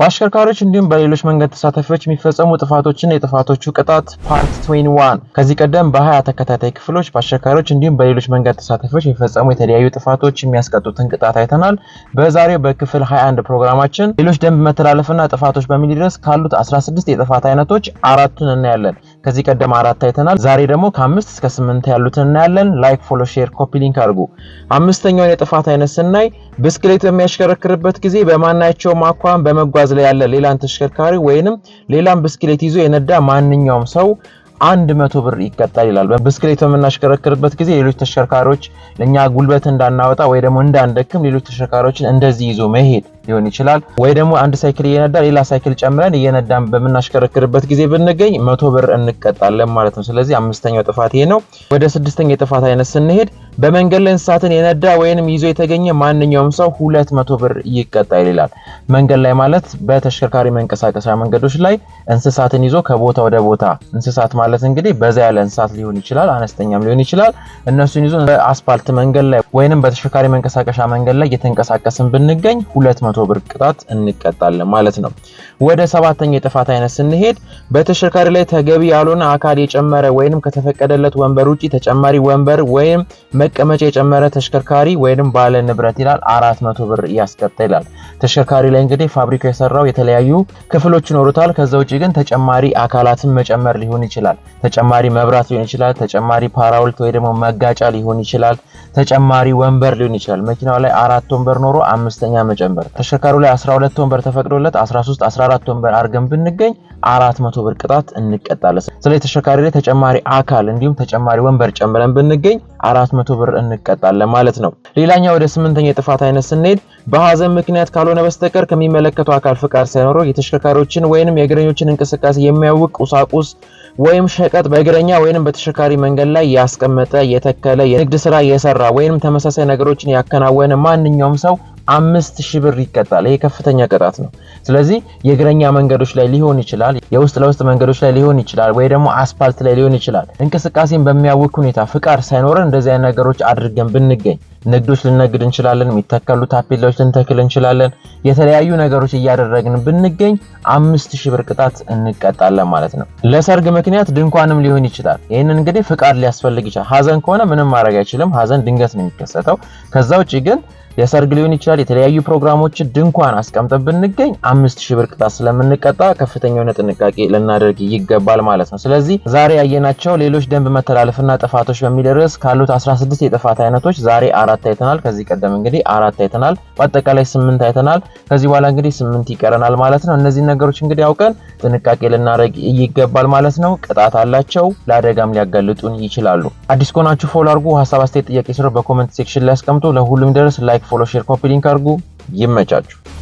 በአሽከርካሪዎች እንዲሁም በሌሎች መንገድ ተሳታፊዎች የሚፈጸሙ ጥፋቶችን የጥፋቶቹ ቅጣት ፓርት 21 ከዚህ ቀደም በሀያ ተከታታይ ክፍሎች በአሽከርካሪዎች እንዲሁም በሌሎች መንገድ ተሳታፊዎች የሚፈጸሙ የተለያዩ ጥፋቶች የሚያስቀጡትን ቅጣት አይተናል። በዛሬው በክፍል 21 ፕሮግራማችን ሌሎች ደንብ መተላለፍና ጥፋቶች በሚል ድረስ ካሉት 16 የጥፋት አይነቶች አራቱን እናያለን። ከዚህ ቀደም አራት አይተናል። ዛሬ ደግሞ ከአምስት እስከ ስምንት ያሉትን እናያለን። ላይክ፣ ፎሎ፣ ሼር፣ ኮፒ ሊንክ አድርጉ። አምስተኛውን የጥፋት አይነት ስናይ ብስክሌት በሚያሽከረክርበት ጊዜ በማናቸውም አኳኋን በመጓዝ ላይ ያለ ሌላን ተሽከርካሪ ወይንም ሌላን ብስክሌት ይዞ የነዳ ማንኛውም ሰው አንድ መቶ ብር ይቀጣል ይላል። በብስክሌት በምናሽከረክርበት ጊዜ ሌሎች ተሽከርካሪዎች እኛ ጉልበት እንዳናወጣ ወይ ደግሞ እንዳንደክም ሌሎች ተሽከርካሪዎችን እንደዚህ ይዞ መሄድ ሊሆን ይችላል። ወይ ደግሞ አንድ ሳይክል እየነዳ ሌላ ሳይክል ጨምረን እየነዳን በምናሽከረክርበት ጊዜ ብንገኝ መቶ ብር እንቀጣለን ማለት ነው። ስለዚህ አምስተኛው ጥፋት ይሄ ነው። ወደ ስድስተኛ የጥፋት አይነት ስንሄድ በመንገድ ላይ እንስሳትን የነዳ ወይንም ይዞ የተገኘ ማንኛውም ሰው ሁለት መቶ ብር ይቀጣል ይላል። መንገድ ላይ ማለት በተሽከርካሪ መንቀሳቀሻ መንገዶች ላይ እንስሳትን ይዞ ከቦታ ወደ ቦታ እንስሳት ማለት እንግዲህ በዛ ያለ እንስሳት ሊሆን ይችላል፣ አነስተኛም ሊሆን ይችላል። እነሱን ይዞ በአስፓልት መንገድ ላይ ወይንም በተሽከርካሪ መንቀሳቀሻ መንገድ ላይ እየተንቀሳቀስን ብንገኝ ሁለት መቶ ብር ቅጣት እንቀጣለን ማለት ነው። ወደ ሰባተኛ የጥፋት አይነት ስንሄድ በተሽከርካሪ ላይ ተገቢ ያልሆነ አካል የጨመረ ወይንም ከተፈቀደለት ወንበር ውጪ ተጨማሪ ወንበር ወይም መቀመጫ የጨመረ ተሽከርካሪ ወይንም ባለ ንብረት ይላል አራት መቶ ብር እያስቀጠ ይላል። ተሽከርካሪ ላይ እንግዲህ ፋብሪካው የሰራው የተለያዩ ክፍሎች ይኖሩታል። ከዛ ውጭ ግን ተጨማሪ አካላትን መጨመር ሊሆን ይችላል። ተጨማሪ መብራት ሊሆን ይችላል። ተጨማሪ ፓራውልት ወይ ደግሞ መጋጫ ሊሆን ይችላል። ተጨማሪ ወንበር ሊሆን ይችላል። መኪናው ላይ አራት ወንበር ኖሮ አምስተኛ መጨመር፣ ተሽከርካሪው ላይ 12 ወንበር ተፈቅዶለት 13 14 ወንበር አድርገን ብንገኝ አራት መቶ ብር ቅጣት እንቀጣለን። ስለዚህ ተሽከርካሪ ላይ ተጨማሪ አካል እንዲሁም ተጨማሪ ወንበር ጨምረን ብንገኝ አራት መቶ ብር እንቀጣለን ማለት ነው። ሌላኛው ወደ ስምንተኛ የጥፋት አይነት ስንሄድ በሀዘን ምክንያት ካልሆነ በስተቀር ከሚመለከተው አካል ፍቃድ ሳይኖረው የተሽከርካሪዎችን ወይንም የእግረኞችን እንቅስቃሴ የሚያውቅ ቁሳቁስ ወይም ሸቀጥ በእግረኛ ወይንም በተሽከርካሪ መንገድ ላይ ያስቀመጠ፣ የተከለ፣ የንግድ ስራ የሰራ ወይም ተመሳሳይ ነገሮችን ያከናወነ ማንኛውም ሰው አምስት ሺህ ብር ይቀጣል። ይህ ከፍተኛ ቅጣት ነው። ስለዚህ የእግረኛ መንገዶች ላይ ሊሆን ይችላል፣ የውስጥ ለውስጥ መንገዶች ላይ ሊሆን ይችላል፣ ወይ ደግሞ አስፓልት ላይ ሊሆን ይችላል። እንቅስቃሴን በሚያውቅ ሁኔታ ፍቃድ ሳይኖረን እንደዚህ አይነት ነገሮች አድርገን ብንገኝ ንግዶች ልነግድ እንችላለን። የሚተከሉ ታፔላዎች ልንተክል እንችላለን። የተለያዩ ነገሮች እያደረግን ብንገኝ አምስት ሺህ ብር ቅጣት እንቀጣለን ማለት ነው። ለሰርግ ምክንያት ድንኳንም ሊሆን ይችላል። ይህንን እንግዲህ ፍቃድ ሊያስፈልግ ይችላል። ሀዘን ከሆነ ምንም ማድረግ አይችልም። ሀዘን ድንገት ነው የሚከሰተው። ከዛ ውጭ ግን የሰርግ ሊሆን ይችላል የተለያዩ ፕሮግራሞችን ድንኳን አስቀምጠን ብንገኝ አምስት ሺህ ብር ቅጣት ስለምንቀጣ ከፍተኛ የሆነ ጥንቃቄ ልናደርግ ይገባል ማለት ነው። ስለዚህ ዛሬ ያየናቸው ሌሎች ደንብ መተላለፍና ጥፋቶች በሚል ርዕስ ካሉት 16 የጥፋት አይነቶች ዛሬ አራት አይተናል። ከዚህ ቀደም እንግዲህ አራት አይተናል። በአጠቃላይ ስምንት አይተናል። ከዚህ በኋላ እንግዲህ ስምንት ይቀረናል ማለት ነው። እነዚህ ነገሮች እንግዲህ አውቀን ጥንቃቄ ልናደርግ ይገባል ማለት ነው። ቅጣት አላቸው፣ ለአደጋም ሊያጋልጡን ይችላሉ። አዲስ ከሆናችሁ ፎሎ አድርጉ። ሀሳብ አስተያየት፣ ጥያቄ ስሮ በኮመንት ሴክሽን ላይ አስቀምጡ። ለሁሉም ደረስ ላይክ folosirea copilin cargu, yemmechachu.